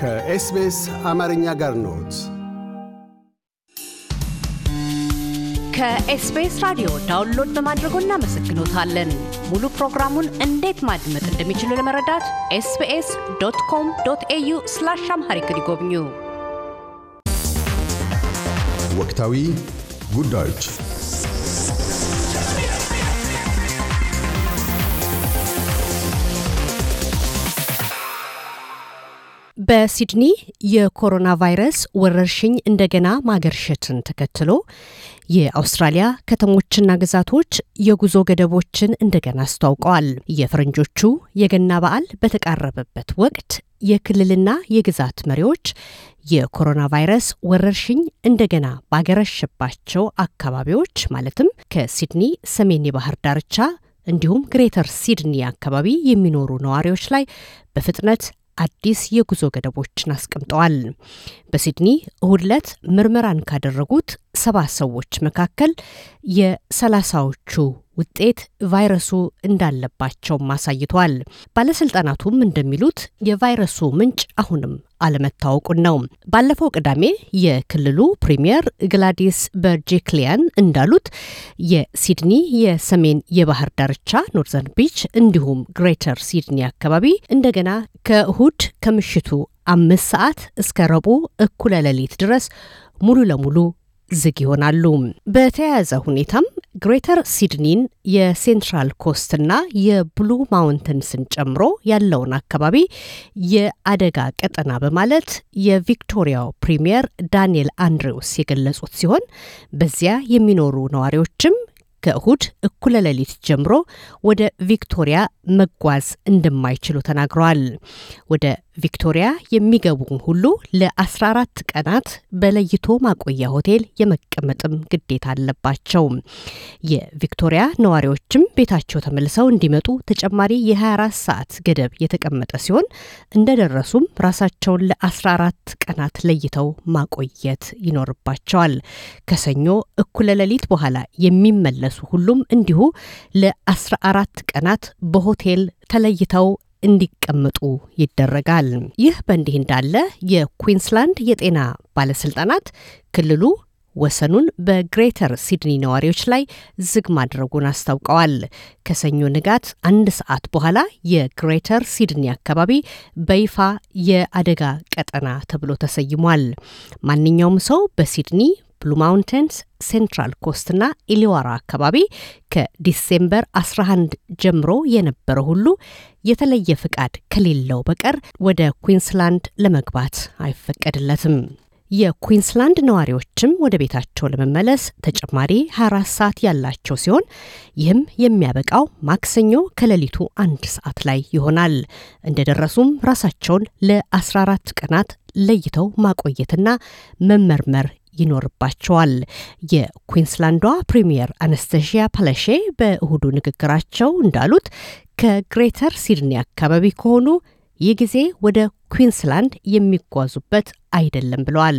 ከኤስቤስ አማርኛ ጋር ነት ከኤስቤስ ራዲዮ ዳውንሎድ በማድረጎ እናመሰግኖታለን። ሙሉ ፕሮግራሙን እንዴት ማድመጥ እንደሚችሉ ለመረዳት ኤስቤስ ዶት ኮም ዶት ኤዩ ስላሽ አምሃሪክ ይጎብኙ። ወቅታዊ ጉዳዮች በሲድኒ የኮሮና ቫይረስ ወረርሽኝ እንደገና ማገርሸትን ተከትሎ የአውስትራሊያ ከተሞችና ግዛቶች የጉዞ ገደቦችን እንደገና አስተዋውቀዋል። የፈረንጆቹ የገና በዓል በተቃረበበት ወቅት የክልልና የግዛት መሪዎች የኮሮና ቫይረስ ወረርሽኝ እንደገና ባገረሸባቸው አካባቢዎች ማለትም ከሲድኒ ሰሜን የባህር ዳርቻ እንዲሁም ግሬተር ሲድኒ አካባቢ የሚኖሩ ነዋሪዎች ላይ በፍጥነት አዲስ የጉዞ ገደቦችን አስቀምጠዋል። በሲድኒ እሁድ ዕለት ምርመራን ካደረጉት ሰባ ሰዎች መካከል የሰላሳዎቹ ውጤት ቫይረሱ እንዳለባቸው አሳይቷል። ባለስልጣናቱም እንደሚሉት የቫይረሱ ምንጭ አሁንም አለመታወቁን ነው። ባለፈው ቅዳሜ የክልሉ ፕሪምየር ግላዲስ በርጂክሊያን እንዳሉት የሲድኒ የሰሜን የባህር ዳርቻ ኖርዘርን ቢች እንዲሁም ግሬተር ሲድኒ አካባቢ እንደገና ከእሁድ ከምሽቱ አምስት ሰዓት እስከ ረቡዕ እኩለ ሌሊት ድረስ ሙሉ ለሙሉ ዝግ ይሆናሉ። በተያያዘ ሁኔታም ግሬተር ሲድኒን የሴንትራል ኮስትና የብሉ ማውንተንስን ጨምሮ ያለውን አካባቢ የአደጋ ቀጠና በማለት የቪክቶሪያው ፕሪምየር ዳንኤል አንድሬውስ የገለጹት ሲሆን በዚያ የሚኖሩ ነዋሪዎችም ከእሁድ እኩለ ሌሊት ጀምሮ ወደ ቪክቶሪያ መጓዝ እንደማይችሉ ተናግረዋል። ወደ ቪክቶሪያ የሚገቡ ሁሉ ለ14 ቀናት በለይቶ ማቆያ ሆቴል የመቀመጥም ግዴታ አለባቸው። የቪክቶሪያ ነዋሪዎችም ቤታቸው ተመልሰው እንዲመጡ ተጨማሪ የ24 ሰዓት ገደብ የተቀመጠ ሲሆን እንደደረሱም ራሳቸውን ለ14 ቀናት ለይተው ማቆየት ይኖርባቸዋል። ከሰኞ እኩለ ሌሊት በኋላ የሚመለሱ ሁሉም እንዲሁ ለ14 ቀናት በሆቴል ተለይተው እንዲቀመጡ ይደረጋል። ይህ በእንዲህ እንዳለ የኩዊንስላንድ የጤና ባለስልጣናት ክልሉ ወሰኑን በግሬተር ሲድኒ ነዋሪዎች ላይ ዝግ ማድረጉን አስታውቀዋል። ከሰኞ ንጋት አንድ ሰዓት በኋላ የግሬተር ሲድኒ አካባቢ በይፋ የአደጋ ቀጠና ተብሎ ተሰይሟል። ማንኛውም ሰው በሲድኒ ብሉ ማውንቴንስ፣ ሴንትራል ኮስት ና ኢሊዋራ አካባቢ ከዲሴምበር 11 ጀምሮ የነበረ ሁሉ የተለየ ፍቃድ ከሌለው በቀር ወደ ኩንስላንድ ለመግባት አይፈቀድለትም። የኩንስላንድ ነዋሪዎችም ወደ ቤታቸው ለመመለስ ተጨማሪ 24 ሰዓት ያላቸው ሲሆን ይህም የሚያበቃው ማክሰኞ ከሌሊቱ አንድ ሰዓት ላይ ይሆናል። እንደደረሱም ራሳቸውን ለ14 ቀናት ለይተው ማቆየትና መመርመር ይኖርባቸዋል። የኩዊንስላንዷ ፕሪምየር አነስተሺያ ፓለሼ በእሁዱ ንግግራቸው እንዳሉት ከግሬተር ሲድኒ አካባቢ ከሆኑ ይህ ጊዜ ወደ ኩዊንስላንድ የሚጓዙበት አይደለም ብለዋል።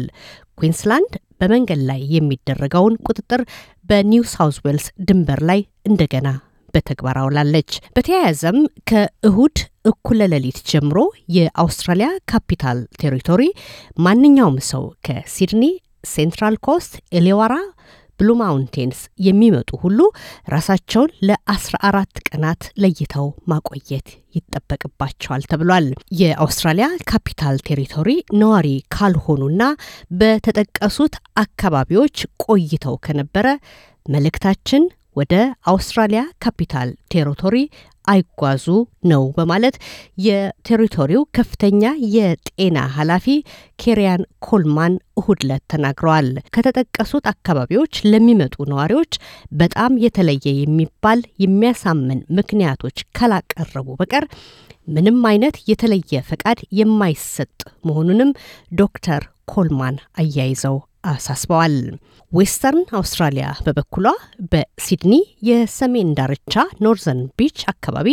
ኩዊንስላንድ በመንገድ ላይ የሚደረገውን ቁጥጥር በኒው ሳውዝ ዌልስ ድንበር ላይ እንደገና በተግባር አውላለች። በተያያዘም ከእሁድ እኩለ ሌሊት ጀምሮ የአውስትራሊያ ካፒታል ቴሪቶሪ ማንኛውም ሰው ከሲድኒ ሴንትራል ኮስት፣ ኤሌዋራ፣ ብሉ ማውንቴንስ የሚመጡ ሁሉ ራሳቸውን ለ14 ቀናት ለይተው ማቆየት ይጠበቅባቸዋል ተብሏል። የአውስትራሊያ ካፒታል ቴሪቶሪ ነዋሪ ካልሆኑና በተጠቀሱት አካባቢዎች ቆይተው ከነበረ መልእክታችን ወደ አውስትራሊያ ካፒታል ቴሪቶሪ አይጓዙ ነው በማለት የቴሪቶሪው ከፍተኛ የጤና ኃላፊ ኬሪያን ኮልማን እሁድ ዕለት ተናግረዋል። ከተጠቀሱት አካባቢዎች ለሚመጡ ነዋሪዎች በጣም የተለየ የሚባል የሚያሳምን ምክንያቶች ካላቀረቡ በቀር ምንም አይነት የተለየ ፈቃድ የማይሰጥ መሆኑንም ዶክተር ኮልማን አያይዘው አሳስበዋል። ዌስተርን አውስትራሊያ በበኩሏ በሲድኒ የሰሜን ዳርቻ ኖርዘርን ቢች አካባቢ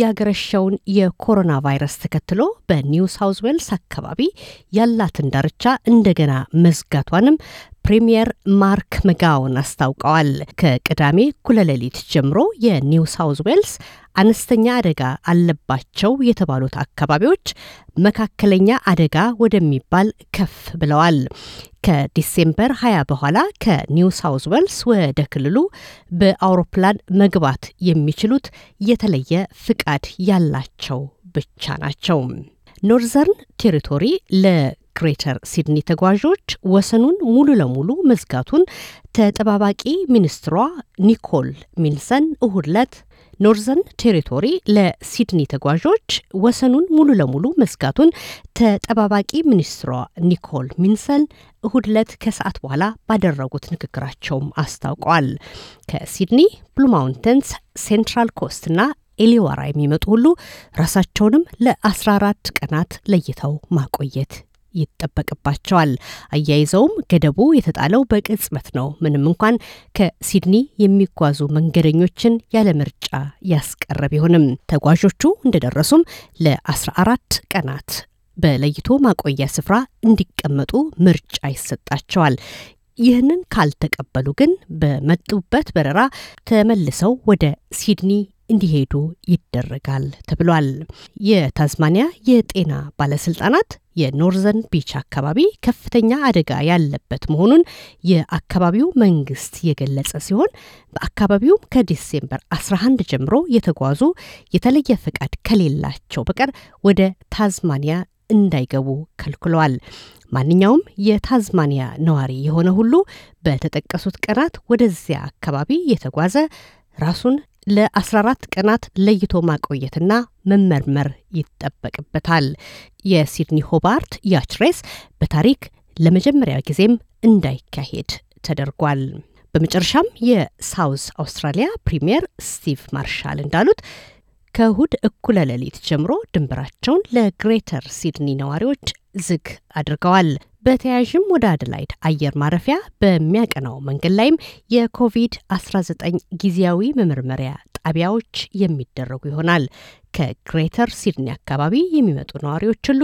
ያገረሸውን የኮሮና ቫይረስ ተከትሎ በኒው ሳውዝ ዌልስ አካባቢ ያላትን ዳርቻ እንደገና መዝጋቷንም ፕሪምየር ማርክ መጋውን አስታውቀዋል። ከቅዳሜ ኩለሌሊት ጀምሮ የኒው ሳውዝ ዌልስ አነስተኛ አደጋ አለባቸው የተባሉት አካባቢዎች መካከለኛ አደጋ ወደሚባል ከፍ ብለዋል። ከዲሴምበር 20 በኋላ ከኒው ሳውዝ ዌልስ ወደ ክልሉ በአውሮፕላን መግባት የሚችሉት የተለየ ፍቃድ ያላቸው ብቻ ናቸው። ኖርዘርን ቴሪቶሪ ለ ግሬተር ሲድኒ ተጓዦች ወሰኑን ሙሉ ለሙሉ መዝጋቱን ተጠባባቂ ሚኒስትሯ ኒኮል ሚልሰን እሁድለት ኖርዘርን ቴሪቶሪ ለሲድኒ ተጓዦች ወሰኑን ሙሉ ለሙሉ መዝጋቱን ተጠባባቂ ሚኒስትሯ ኒኮል ሚንሰን እሁድለት ከሰዓት በኋላ ባደረጉት ንግግራቸውም አስታውቀዋል። ከሲድኒ ብሉ ማውንተንስ፣ ሴንትራል ኮስት ና ኤሊዋራ የሚመጡ ሁሉ ራሳቸውንም ለ14 ቀናት ለይተው ማቆየት ይጠበቅባቸዋል። አያይዘውም ገደቡ የተጣለው በቅጽበት ነው፣ ምንም እንኳን ከሲድኒ የሚጓዙ መንገደኞችን ያለ ምርጫ ያስቀረ ቢሆንም። ተጓዦቹ እንደደረሱም ለ14 ቀናት በለይቶ ማቆያ ስፍራ እንዲቀመጡ ምርጫ ይሰጣቸዋል። ይህንን ካልተቀበሉ ግን በመጡበት በረራ ተመልሰው ወደ ሲድኒ እንዲሄዱ ይደረጋል ተብሏል። የታዝማኒያ የጤና ባለስልጣናት የኖርዘርን ቢች አካባቢ ከፍተኛ አደጋ ያለበት መሆኑን የአካባቢው መንግስት የገለጸ ሲሆን በአካባቢውም ከዲሴምበር 11 ጀምሮ የተጓዙ የተለየ ፈቃድ ከሌላቸው በቀር ወደ ታዝማኒያ እንዳይገቡ ከልክሏል። ማንኛውም የታዝማኒያ ነዋሪ የሆነ ሁሉ በተጠቀሱት ቀናት ወደዚያ አካባቢ የተጓዘ ራሱን ለ14 ቀናት ለይቶ ማቆየትና መመርመር ይጠበቅበታል። የሲድኒ ሆባርት ያች ሬስ በታሪክ ለመጀመሪያ ጊዜም እንዳይካሄድ ተደርጓል። በመጨረሻም የሳውዝ አውስትራሊያ ፕሪምየር ስቲቭ ማርሻል እንዳሉት ከእሁድ እኩለ ሌሊት ጀምሮ ድንበራቸውን ለግሬተር ሲድኒ ነዋሪዎች ዝግ አድርገዋል። በተያያዥም ወደ አደላይድ አየር ማረፊያ በሚያቀናው መንገድ ላይም የኮቪድ-19 ጊዜያዊ መመርመሪያ ጣቢያዎች የሚደረጉ ይሆናል። ከግሬተር ሲድኒ አካባቢ የሚመጡ ነዋሪዎች ሁሉ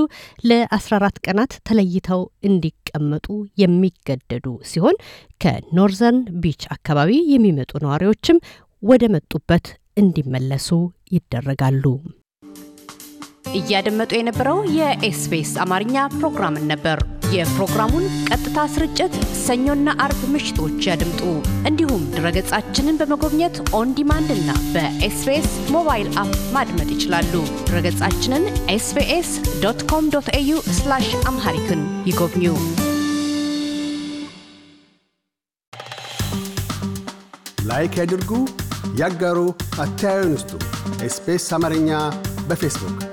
ለ14 ቀናት ተለይተው እንዲቀመጡ የሚገደዱ ሲሆን ከኖርዘርን ቢች አካባቢ የሚመጡ ነዋሪዎችም ወደ መጡበት እንዲመለሱ ይደረጋሉ። እያደመጡ የነበረው የኤስቢኤስ አማርኛ ፕሮግራምን ነበር። የፕሮግራሙን ቀጥታ ስርጭት ሰኞና አርብ ምሽቶች ያድምጡ። እንዲሁም ድረገጻችንን በመጎብኘት ኦን ዲማንድ እና በኤስቤስ ሞባይል አፕ ማድመጥ ይችላሉ። ድረገጻችንን ኤስቤስ ዶት ኮም ዶት ኤዩ አምሃሪክን ይጎብኙ። ላይክ ያድርጉ፣ ያጋሩ፣ አስተያየቱን ይስጡ። ኤስቤስ አማርኛ በፌስቡክ